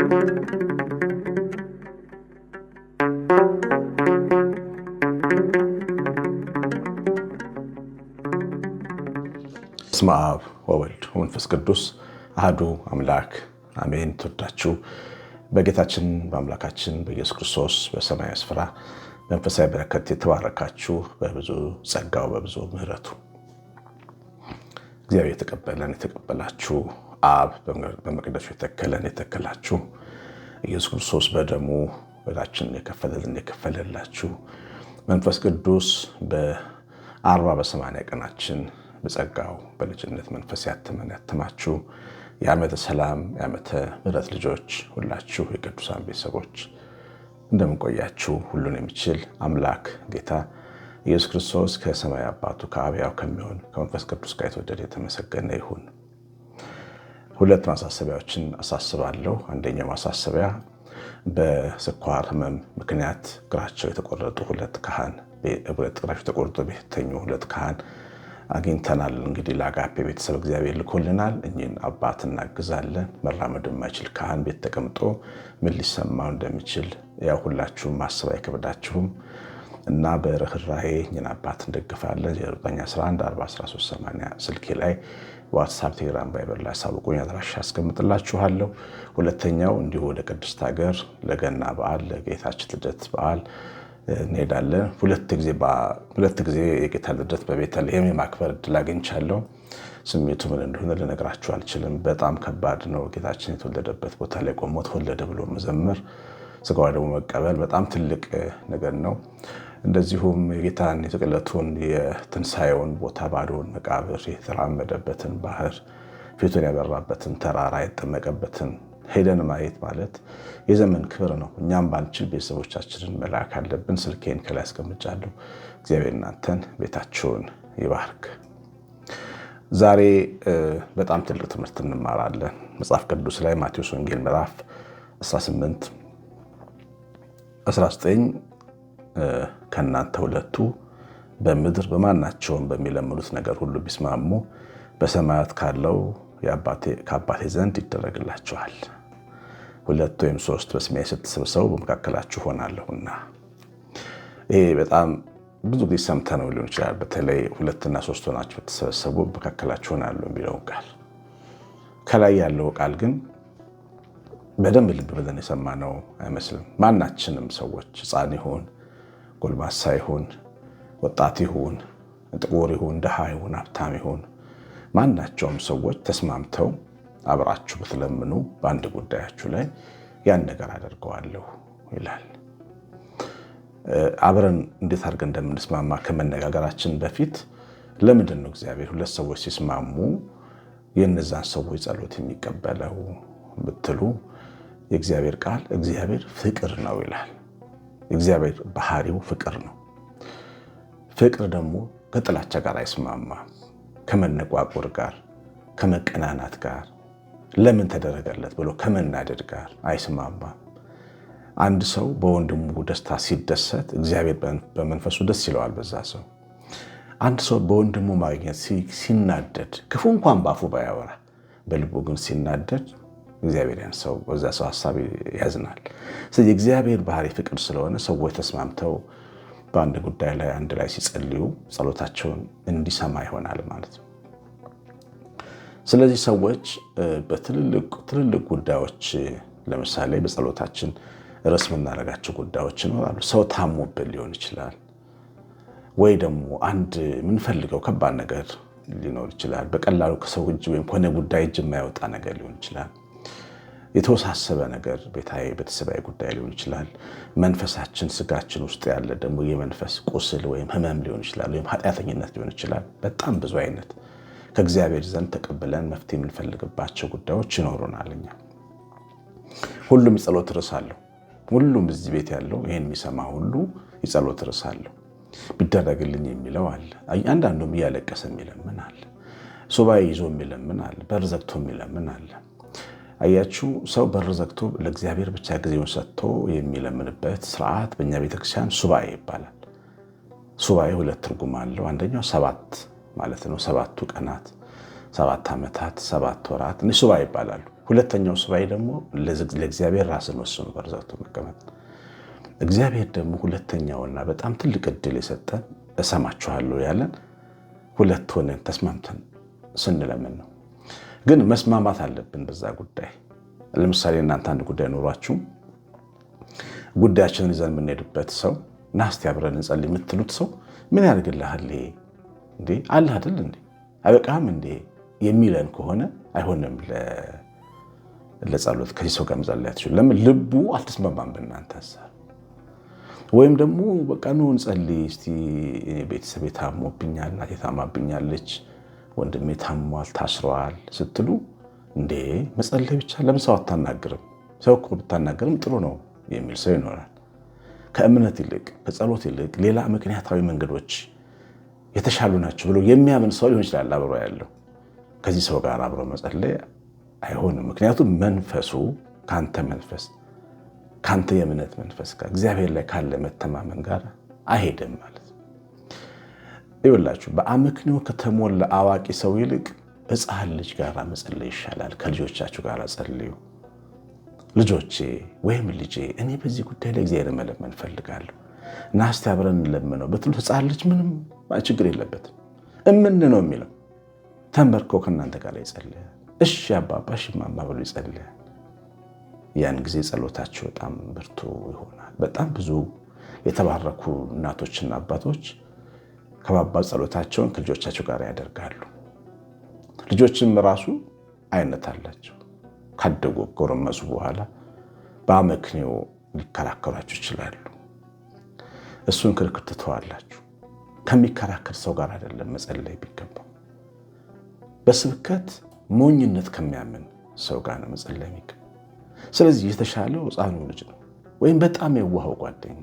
በስመ አብ ወወልድ ወመንፈስ ቅዱስ አህዱ አምላክ አሜን። ትወዳችሁ በጌታችን በአምላካችን በኢየሱስ ክርስቶስ በሰማያዊ ስፍራ መንፈሳዊ በረከት የተባረካችሁ በብዙ ጸጋው በብዙ ምሕረቱ እግዚአብሔር የተቀበለን የተቀበላችሁ አብ በመቅደሱ የተከለን የተከላችሁ ኢየሱስ ክርስቶስ በደሙ ዕዳችንን የከፈለልን የከፈለላችሁ መንፈስ ቅዱስ በአርባ በሰማንያ ቀናችን በጸጋው በልጅነት መንፈስ ያተመን ያተማችሁ የዓመተ ሰላም የዓመተ ምሕረት ልጆች ሁላችሁ የቅዱሳን ቤተሰቦች እንደምንቆያችሁ ሁሉን የሚችል አምላክ ጌታ ኢየሱስ ክርስቶስ ከሰማይ አባቱ ከአብያው ከሚሆን ከመንፈስ ቅዱስ ጋር የተወደደ የተመሰገነ ይሁን። ሁለት ማሳሰቢያዎችን አሳስባለሁ። አንደኛው ማሳሰቢያ በስኳር ህመም ምክንያት እግራቸው የተቆረጡ ሁለት ካህን ሁለት እግራቸው የተቆረጡ ቤተተኙ ሁለት ካህን አግኝተናል። እንግዲህ ለአጋፔ ቤተሰብ እግዚአብሔር ልኮልናል። እኚህን አባት እናግዛለን። መራመድ የማይችል ካህን ቤት ተቀምጦ ምን ሊሰማው እንደሚችል ያው ሁላችሁም ማሰብ አይከብዳችሁም እና በርኅራኄ እኚህን አባት እንደግፋለን። 911 413 ስልኬ ላይ ዋትሳፕ፣ ቴሌግራም፣ ቫይበር ላይ አሳውቁኝ። አድራሻ አስቀምጥላችኋለሁ። ሁለተኛው እንዲሁ ወደ ቅድስት ሀገር ለገና በዓል ለጌታችን ልደት በዓል እንሄዳለን። ሁለት ጊዜ የጌታ ልደት በቤተልሔም የማክበር እድል አግኝቻለሁ። ስሜቱ ምን እንደሆነ ልነግራችሁ አልችልም። በጣም ከባድ ነው። ጌታችን የተወለደበት ቦታ ላይ ቆሞ ተወለደ ብሎ መዘመር፣ ስጋዋ ደግሞ መቀበል በጣም ትልቅ ነገር ነው። እንደዚሁም የጌታን የተቀለቱን የትንሣኤውን ቦታ ባዶውን መቃብር የተራመደበትን ባህር ፊቱን ያበራበትን ተራራ የጠመቀበትን ሄደን ማየት ማለት የዘመን ክብር ነው። እኛም ባንችል ቤተሰቦቻችንን መላክ አለብን። ስልኬን ከላይ አስቀምጫለሁ። እግዚአብሔር እናንተን ቤታችሁን ይባርክ። ዛሬ በጣም ትልቅ ትምህርት እንማራለን። መጽሐፍ ቅዱስ ላይ ማቴዎስ ወንጌል ምዕራፍ 18 19 ከእናንተ ሁለቱ በምድር በማናቸውም በሚለምኑት ነገር ሁሉ ቢስማሙ በሰማያት ካለው ከአባቴ ዘንድ ይደረግላችኋል። ሁለት ወይም ሶስት በስሜ ስትሰበሰቡ በመካከላችሁ ሆናለሁና። ይሄ በጣም ብዙ ጊዜ ሰምተነው ሊሆን ይችላል። በተለይ ሁለትና ሶስት ሆናችሁ ብትሰበሰቡ በመካከላችሁ ሆናሉ የሚለውን ቃል ከላይ ያለው ቃል ግን በደንብ ልብ ብለን የሰማነው አይመስልም። ማናችንም ሰዎች ሕፃን ይሁን ጎልማሳ ይሁን ወጣት ይሁን ጥቁር ይሁን ድሃ ይሁን ሀብታም ይሁን ማናቸውም ሰዎች ተስማምተው አብራችሁ ብትለምኑ በአንድ ጉዳያችሁ ላይ ያን ነገር አደርገዋለሁ ይላል። አብረን እንዴት አድርገን እንደምንስማማ ከመነጋገራችን በፊት ለምንድን ነው እግዚአብሔር ሁለት ሰዎች ሲስማሙ የእነዛን ሰዎች ጸሎት የሚቀበለው ብትሉ የእግዚአብሔር ቃል እግዚአብሔር ፍቅር ነው ይላል። እግዚአብሔር ባህሪው ፍቅር ነው። ፍቅር ደግሞ ከጥላቻ ጋር አይስማማም። ከመነቋቁር ጋር፣ ከመቀናናት ጋር፣ ለምን ተደረገለት ብሎ ከመናደድ ጋር አይስማማም። አንድ ሰው በወንድሙ ደስታ ሲደሰት እግዚአብሔር በመንፈሱ ደስ ይለዋል በዛ ሰው። አንድ ሰው በወንድሙ ማግኘት ሲናደድ ክፉ እንኳን ባፉ ባያወራ በልቡ ግን ሲናደድ እግዚአብሔር ሰው በዛ ሰው ሀሳብ ያዝናል። ስለዚህ እግዚአብሔር ባህሪ ፍቅር ስለሆነ ሰዎች ተስማምተው በአንድ ጉዳይ ላይ አንድ ላይ ሲጸልዩ ጸሎታቸውን እንዲሰማ ይሆናል ማለት ነው። ስለዚህ ሰዎች በትልልቅ ጉዳዮች ለምሳሌ በጸሎታችን ርዕስ የምናደርጋቸው ጉዳዮች ይኖራሉ። ሰው ታሞብን ሊሆን ይችላል፣ ወይ ደግሞ አንድ የምንፈልገው ከባድ ነገር ሊኖር ይችላል። በቀላሉ ከሰው እጅ ወይም ከሆነ ጉዳይ እጅ የማይወጣ ነገር ሊሆን ይችላል። የተወሳሰበ ነገር ቤተሰባዊ ጉዳይ ሊሆን ይችላል። መንፈሳችን ስጋችን ውስጥ ያለ ደግሞ የመንፈስ ቁስል ወይም ህመም ሊሆን ይችላል፣ ወይም ኃጢአተኝነት ሊሆን ይችላል። በጣም ብዙ አይነት ከእግዚአብሔር ዘንድ ተቀብለን መፍትሄ የምንፈልግባቸው ጉዳዮች ይኖሩናል። እኛ ሁሉም የጸሎት ርዕስ አለው። ሁሉም እዚህ ቤት ያለው ይህን የሚሰማ ሁሉ የጸሎት ርዕስ አለው። ቢደረግልኝ የሚለው አለ። አንዳንዱም እያለቀሰ የሚለምን አለ። ሱባኤ ይዞ የሚለምን አለ። በር ዘግቶ የሚለምን አለ። አያችሁ ሰው በር ዘግቶ ለእግዚአብሔር ብቻ ጊዜውን ሰጥቶ የሚለምንበት ስርዓት በእኛ ቤተክርስቲያን ሱባኤ ይባላል። ሱባኤ ሁለት ትርጉም አለው። አንደኛው ሰባት ማለት ነው። ሰባቱ ቀናት፣ ሰባት ዓመታት፣ ሰባት ወራት እ ሱባኤ ይባላሉ። ሁለተኛው ሱባኤ ደግሞ ለእግዚአብሔር ራስን ወስኖ በር ዘግቶ መቀመጥ። እግዚአብሔር ደግሞ ሁለተኛውና በጣም ትልቅ እድል የሰጠን እሰማችኋለሁ ያለን ሁለት ሆነን ተስማምተን ስንለምን ነው። ግን መስማማት አለብን በዛ ጉዳይ። ለምሳሌ እናንተ አንድ ጉዳይ ኖሯችሁ ጉዳያችንን ይዘን የምንሄድበት ሰው ናስቲ አብረን እንጸል የምትሉት ሰው ምን ያደርግልሃል? እንዴ አለ አይደል እንዴ አበቃም እንዴ የሚለን ከሆነ አይሆንም። ለጸሎት ከዚህ ሰው ጋር መጸለይ አትችሉ። ለምን? ልቡ አልተስማማም በእናንተ ሀሳብ። ወይም ደግሞ በቃ ኑ እንጸልይ እስቲ ቤተሰብ የታሞብኛል፣ እናቴ ታማብኛለች ወንድሜ ታሟል፣ ታስረዋል ስትሉ እንዴ መጸለይ ብቻ ለምን ሰው አታናግርም? ሰው እኮ ብታናገርም ጥሩ ነው የሚል ሰው ይኖራል። ከእምነት ይልቅ ከጸሎት ይልቅ ሌላ ምክንያታዊ መንገዶች የተሻሉ ናቸው ብሎ የሚያምን ሰው ሊሆን ይችላል አብሮ ያለው። ከዚህ ሰው ጋር አብሮ መጸለይ አይሆንም። ምክንያቱም መንፈሱ ከአንተ መንፈስ ከአንተ የእምነት መንፈስ ጋር እግዚአብሔር ላይ ካለ መተማመን ጋር አይሄድም ማለት ይውላችሁ በአመክንዮ ከተሞላ አዋቂ ሰው ይልቅ ሕፃን ልጅ ጋር መጸለይ ይሻላል። ከልጆቻችሁ ጋር ጸልዩ። ልጆቼ ወይም ልጄ እኔ በዚህ ጉዳይ ላይ እግዚአብሔር መለመን ፈልጋለሁ። ናስቲ አብረን እንለምነው ብትሉ ህፃን ልጅ ምንም ችግር የለበትም። እምን ነው የሚለው ተንበርኮ ከእናንተ ጋር ይጸልያል። እሺ አባባ እሺ እማማ ብሎ ይጸልያል። ያን ጊዜ ጸሎታችሁ በጣም ብርቱ ይሆናል። በጣም ብዙ የተባረኩ እናቶችና አባቶች ከባባ ጸሎታቸውን ከልጆቻቸው ጋር ያደርጋሉ። ልጆችም ራሱ አይነት አላቸው። ካደጉ ጎረመሱ በኋላ በአመክንዮ ሊከራከሯችሁ ይችላሉ። እሱን ክርክር ትተዋላችሁ። ከሚከራከር ሰው ጋር አይደለም መጸለይ የሚገባው። በስብከት ሞኝነት ከሚያምን ሰው ጋር ነው መጸለይ የሚገባው። ስለዚህ የተሻለው ህፃኑ ልጅ ነው ወይም በጣም የዋሃው ጓደኛ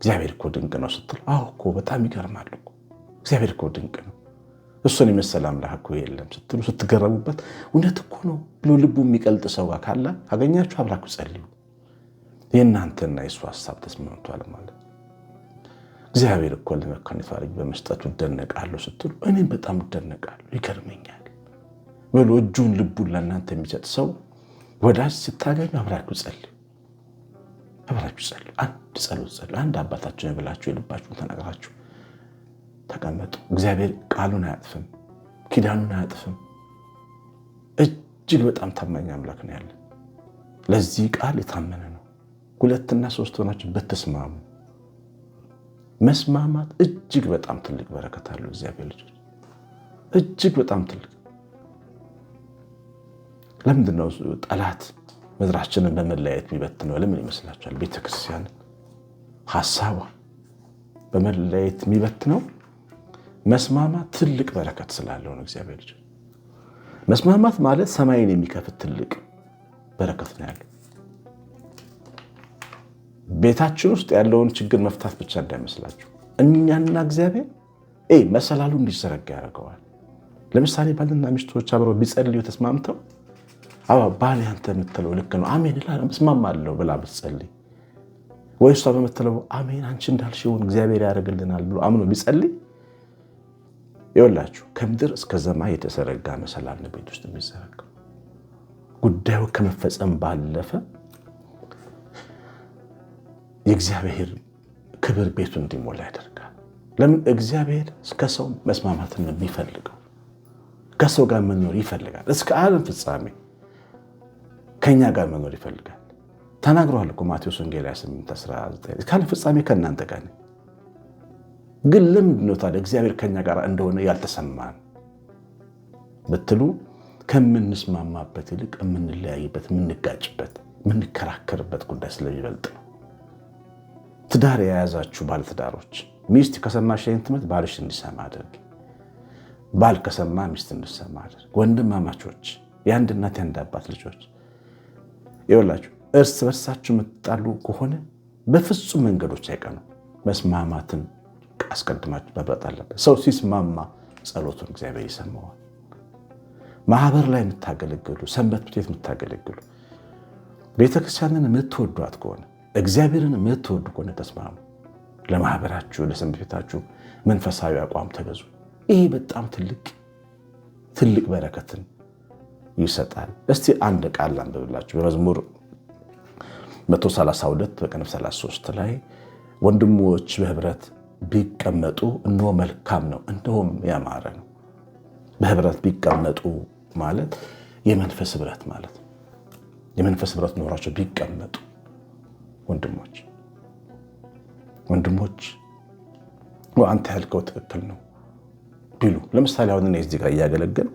እግዚአብሔር እኮ ድንቅ ነው ስትል፣ አሁ እኮ በጣም ይገርማል እኮ እግዚአብሔር እኮ ድንቅ ነው፣ እሱን የመሰለ አምላክ እኮ የለም ስትሉ ስትገረሙበት፣ እውነት እኮ ነው ብሎ ልቡ የሚቀልጥ ሰው ካለ አገኛችሁ፣ አምላኩ ጸልዩ። የእናንተና የእሱ ሀሳብ ተስማምቷል ማለት እግዚአብሔር እኮ ለመካኒቱ በመስጠቱ እደነቃለሁ ስትሉ፣ እኔም በጣም እደነቃለሁ፣ ይገርመኛል ብሎ እጁን ልቡን ለእናንተ የሚሰጥ ሰው ወዳጅ ስታገኙ አምላኩ ጸልዩ። አብራችሁ ጸሉ። አንድ ጸሎት ጸሉ። አንድ አባታችን ብላችሁ የልባችሁን ተናግራችሁ ተቀመጡ። እግዚአብሔር ቃሉን አያጥፍም፣ ኪዳኑን አያጥፍም። እጅግ በጣም ታማኝ አምላክ ነው ያለን። ለዚህ ቃል የታመነ ነው። ሁለትና ሶስት ሆናችሁ በተስማሙ መስማማት እጅግ በጣም ትልቅ በረከት አለው። እግዚአብሔር ልጆች እጅግ በጣም ትልቅ ለምንድነው ጠላት ምድራችንን በመለያየት የሚበትነው ለምን ይመስላችኋል? ቤተክርስቲያን ሀሳቧ በመለያየት የሚበትነው መስማማት ትልቅ በረከት ስላለው ነው። እግዚአብሔር ልጅ መስማማት ማለት ሰማይን የሚከፍት ትልቅ በረከት ነው ያለው። ቤታችን ውስጥ ያለውን ችግር መፍታት ብቻ እንዳይመስላችሁ፣ እኛና እግዚአብሔር መሰላሉ እንዲዘረጋ ያደርገዋል። ለምሳሌ ባልና ሚስቶች አብረው ቢጸልዩ ተስማምተው አባ ባል ያንተ የምትለው ልክ ነው፣ አሜን እስማማለሁ ብላ ብትጸልይ፣ ወይ እሷ በምትለው አሜን አንቺ እንዳልሽውን እግዚአብሔር ያደርግልናል ብሎ አምኖ ቢጸልይ፣ ይወላችሁ ከምድር እስከ ሰማይ የተዘረጋ መሰላል ነው ቤት ውስጥ የሚዘረጋው። ጉዳዩ ከመፈጸም ባለፈ የእግዚአብሔር ክብር ቤቱን እንዲሞላ ያደርጋል። ለምን እግዚአብሔር ሰው መስማማትን ነው የሚፈልገው። ከሰው ጋር መኖር ይፈልጋል እስከ ዓለም ፍጻሜ ከእኛ ጋር መኖር ይፈልጋል። ተናግረዋል እኮ ማቴዎስ ወንጌል 19 እስካለ ፍጻሜ ከእናንተ ጋር ግን ለምንድን ነው ታዲያ እግዚአብሔር ከኛ ጋር እንደሆነ ያልተሰማን ብትሉ ከምንስማማበት ይልቅ የምንለያይበት፣ የምንጋጭበት፣ የምንከራከርበት ጉዳይ ስለሚበልጥ ነው። ትዳር የያዛችሁ ባለትዳሮች ሚስት ከሰማሽ ይህን ትምህርት ባልሽ እንዲሰማ አደርግ ባል ከሰማ ሚስት እንዲሰማ አድርግ። ወንድማማቾች የአንድ እናት የአንድ አባት ልጆች ይወላችሁ እርስ በርሳችሁ የምትጣሉ ከሆነ በፍጹም መንገዶች አይቀኑ መስማማትን አስቀድማችሁ መብረጥ አለበት። ሰው ሲስማማ ጸሎቱን እግዚአብሔር ይሰማዋል። ማህበር ላይ የምታገለግሉ፣ ሰንበት ቤት የምታገለግሉ፣ ቤተክርስቲያንን የምትወዷት ከሆነ እግዚአብሔርን የምትወዱ ከሆነ ተስማሙ። ለማህበራችሁ ለሰንበት ቤታችሁ መንፈሳዊ አቋም ተገዙ። ይሄ በጣም ትልቅ ትልቅ በረከትን ይሰጣል። እስቲ አንድ ቃል አንብብላችሁ በመዝሙር 132 በቅንፍ 33 ላይ ወንድሞች በህብረት ቢቀመጡ እንሆ መልካም ነው፣ እንሆም ያማረ ነው። በህብረት ቢቀመጡ ማለት የመንፈስ ህብረት ማለት ነው። የመንፈስ ህብረት ኖሯቸው ቢቀመጡ ወንድሞች ወንድሞች አንተ ያልከው ትክክል ነው ቢሉ ለምሳሌ አሁን እኔ እዚህ ጋር እያገለገልኩ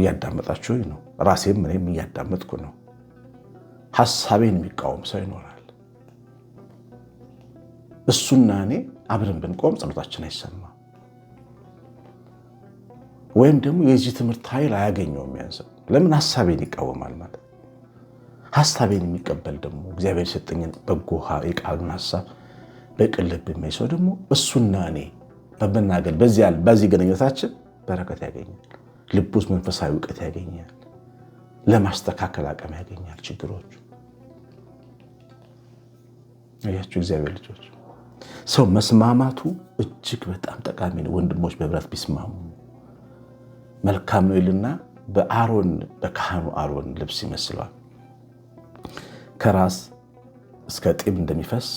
እያዳመጣችሁ ነው። ራሴም እኔም እያዳመጥኩ ነው። ሀሳቤን የሚቃወም ሰው ይኖራል። እሱና እኔ አብረን ብንቆም ጸሎታችን አይሰማም፣ ወይም ደግሞ የዚህ ትምህርት ኃይል አያገኘውም። ያንሰው ለምን ሀሳቤን ይቃወማል ማለት ሀሳቤን የሚቀበል ደግሞ እግዚአብሔር የሰጠኝን በጎ የቃሉን ሀሳብ በቅን ልብ ሰው ደግሞ እሱና እኔ በመናገር በዚህ ግንኙነታችን በረከት ያገኛል። ልብ ውስጥ መንፈሳዊ እውቀት ያገኛል። ለማስተካከል አቅም ያገኛል። ችግሮቹ እያችሁ እግዚአብሔር ልጆች ሰው መስማማቱ እጅግ በጣም ጠቃሚ ነው። ወንድሞች በህብረት ቢስማሙ መልካም ነው ይልና በአሮን በካህኑ አሮን ልብስ ይመስለዋል። ከራስ እስከ ጢም እንደሚፈስ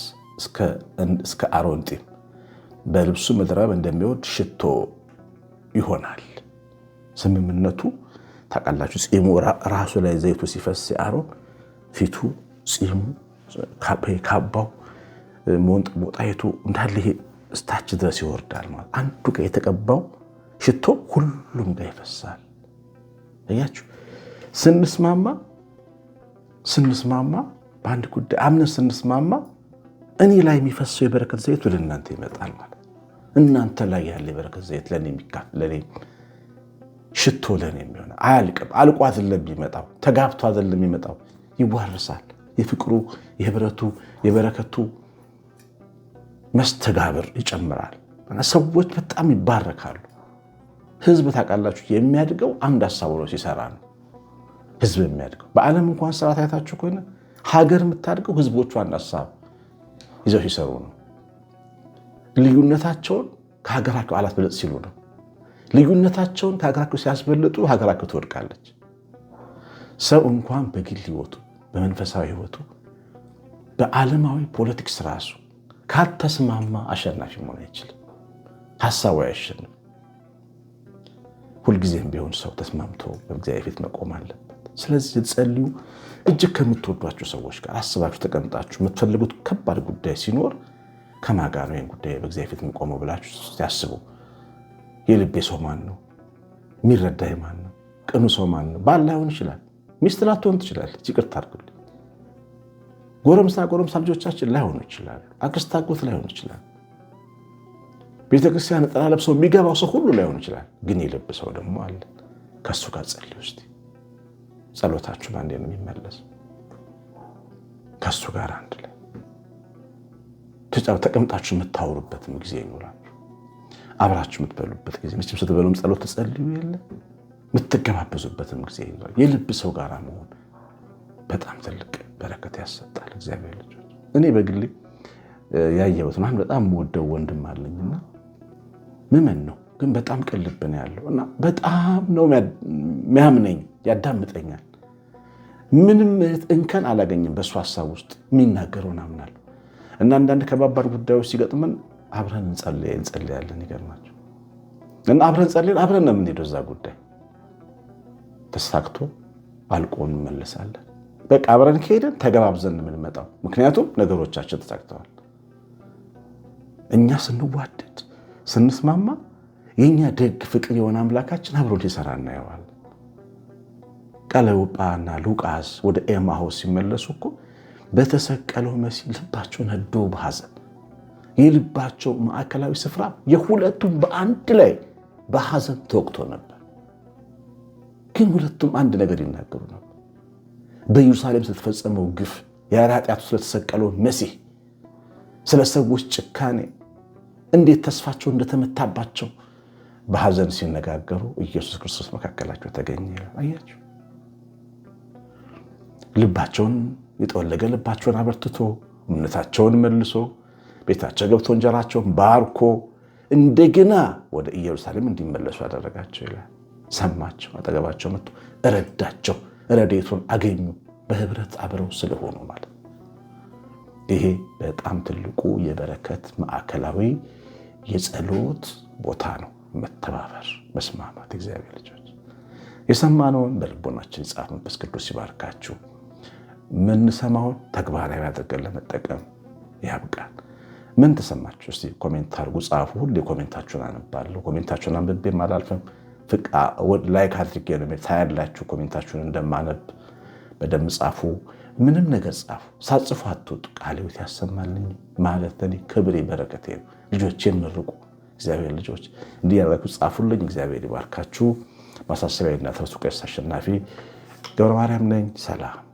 እስከ አሮን ጢም በልብሱ መድረብ እንደሚወድ ሽቶ ይሆናል። ስምምነቱ ታውቃላችሁ። ፂሙ ራሱ ላይ ዘይቱ ሲፈስ አሮን ፊቱ፣ ፂሙ፣ ካባው፣ ሞጣየቱ እንዳለ ይሄ እስታች ድረስ ይወርዳል። ማለት አንዱ ጋር የተቀባው ሽቶ ሁሉም ጋር ይፈሳል። አያችሁ ስንስማማ ስንስማማ በአንድ ጉዳይ አምነን ስንስማማ እኔ ላይ የሚፈሰው የበረከት ዘይት ወደ እናንተ ይመጣል ማለት እናንተ ላይ ያለ የበረከት ዘይት ለእኔ ሽቶ ለኔ የሚሆነ አያልቅም። አልቆ አይደለም የሚመጣው፣ ተጋብቶ አይደለም የሚመጣው፣ ይዋርሳል። የፍቅሩ የህብረቱ የበረከቱ መስተጋብር ይጨምራል። ሰዎች በጣም ይባረካሉ። ህዝብ ታውቃላችሁ፣ የሚያድገው አንድ ሀሳብ ሆኖ ሲሰራ ነው። ህዝብ የሚያድገው በዓለም እንኳን ስርዓት አይታችሁ ከሆነ ሀገር የምታድገው ህዝቦቹ አንድ ሀሳብ ይዘው ሲሰሩ ነው። ልዩነታቸውን ከሀገራቸው አላት ብለጥ ሲሉ ነው። ልዩነታቸውን ከሀገራቸው ሲያስበልጡ ሀገራቸው ትወድቃለች። ሰው እንኳን በግል ህይወቱ፣ በመንፈሳዊ ህይወቱ፣ በዓለማዊ ፖለቲክስ ራሱ ካልተስማማ አሸናፊ መሆን አይችልም። ሀሳቡ አያሸንም። ሁልጊዜም ቢሆን ሰው ተስማምቶ በእግዚአብሔር ፊት መቆም አለበት። ስለዚህ ስትጸልዩ እጅግ ከምትወዷቸው ሰዎች ጋር አስባችሁ ተቀምጣችሁ የምትፈልጉት ከባድ ጉዳይ ሲኖር ከማጋ ነው ይህን ጉዳይ በእግዚአብሔር ፊት የምቆመው ብላችሁ ያስቡ። የልቤ ሰው ማን ነው? የሚረዳ ማን ነው? ቅኑ ሰው ማን ነው? ባል ላይሆን ይችላል። ሚስት ላትሆን ትችላለች። ይቅርታ አድርግልኝ። ጎረምሳ ጎረምሳ ልጆቻችን ላይሆኑ ይችላል። አክስት አጎት ላይሆን ይችላል። ቤተክርስቲያን ጠላ ለብሰው የሚገባው ሰው ሁሉ ላይሆን ይችላል። ግን የልብ ሰው ደግሞ አለ። ከእሱ ጋር ጸልዩ እስቲ። ጸሎታችሁ አንዴ ነው የሚመለስ። ከእሱ ጋር አንድ ላይ ተቀምጣችሁ የምታወሩበትም ጊዜ ይኖራል። አብራችሁ የምትበሉበት ጊዜ መቼም ስትበሉም ጸሎት ትጸልዩ የለ የምትገባበዙበትም ጊዜ የልብ ሰው ጋር መሆን በጣም ትልቅ በረከት ያሰጣል። እግዚአብሔር ልጆች፣ እኔ በግሌ ያየሁት ማን በጣም ወደው ወንድም አለኝና ምመን ነው ግን በጣም ቅን ነው ያለው እና በጣም ነው የሚያምነኝ፣ ያዳምጠኛል። ምንም እንከን አላገኝም በእሱ ሀሳብ ውስጥ የሚናገረውን አምናለሁ እና አንዳንድ ከባባድ ጉዳዮች ሲገጥመን አብረን እንጸልያለን። ይገርማችሁ እና አብረን ጸልየን አብረን ነው የምንሄደው እዛ ጉዳይ ተሳክቶ አልቆ እንመለሳለን። በቃ አብረን ከሄደን ተገባብዘን የምንመጣው ምክንያቱም ነገሮቻችን ተሳክተዋል። እኛ ስንዋደድ ስንስማማ፣ የእኛ ደግ ፍቅር የሆነ አምላካችን አብሮን ሊሰራ እናየዋል። ቀለዮጳና ሉቃስ ወደ ኤማሆስ ሲመለሱ እኮ በተሰቀለው መሲህ ልባቸው ነዶ በሐዘን የልባቸው ማዕከላዊ ስፍራ የሁለቱም በአንድ ላይ በሐዘን ተወቅቶ ነበር። ግን ሁለቱም አንድ ነገር ይናገሩ ነበር። በኢየሩሳሌም ስለተፈጸመው ግፍ፣ የራጢያቱ ስለተሰቀለው መሲህ፣ ስለ ሰዎች ጭካኔ፣ እንዴት ተስፋቸው እንደተመታባቸው በሐዘን ሲነጋገሩ ኢየሱስ ክርስቶስ መካከላቸው ተገኘ። አያቸው ልባቸውን የጠወለገ ልባቸውን አበርትቶ እምነታቸውን መልሶ ቤታቸው ገብቶ እንጀራቸውን ባርኮ እንደገና ወደ ኢየሩሳሌም እንዲመለሱ አደረጋቸው ይላል። ሰማቸው፣ አጠገባቸው መጥቶ እረዳቸው፣ ረዴቱን አገኙ። በህብረት አብረው ስለሆኑ ማለት ይሄ በጣም ትልቁ የበረከት ማዕከላዊ የጸሎት ቦታ ነው። መተባበር፣ መስማማት። እግዚአብሔር ልጆች የሰማነውን በልቦናችን ጻፍ። መንፈስ ቅዱስ ሲባርካችሁ ምንሰማውን ተግባራዊ አድርገን ለመጠቀም ያብቃል። ምን ተሰማችሁ? እስኪ ኮሜንት አድርጉ፣ ጻፉ። ሁሌ ኮሜንታችሁን አነባለሁ። ኮሜንታችሁን አንብቤም አላልፍም። ላይክ አድርጌ ነው ታያላችሁ። ኮሜንታችሁን እንደማነብ በደንብ ጻፉ። ምንም ነገር ጻፉ። ሳጽፉ አትወጡ። ቃለ ሕይወት ያሰማልኝ ማለት እኔ ክብሬ በረከቴ ነው። ልጆች የምርቁ እግዚአብሔር ልጆች እንዲህ ያላችሁ ጻፉልኝ። እግዚአብሔር ይባርካችሁ። ማሳሰቢያ ተርሱ ቄስ አሸናፊ ገብረ ማርያም ነኝ። ሰላም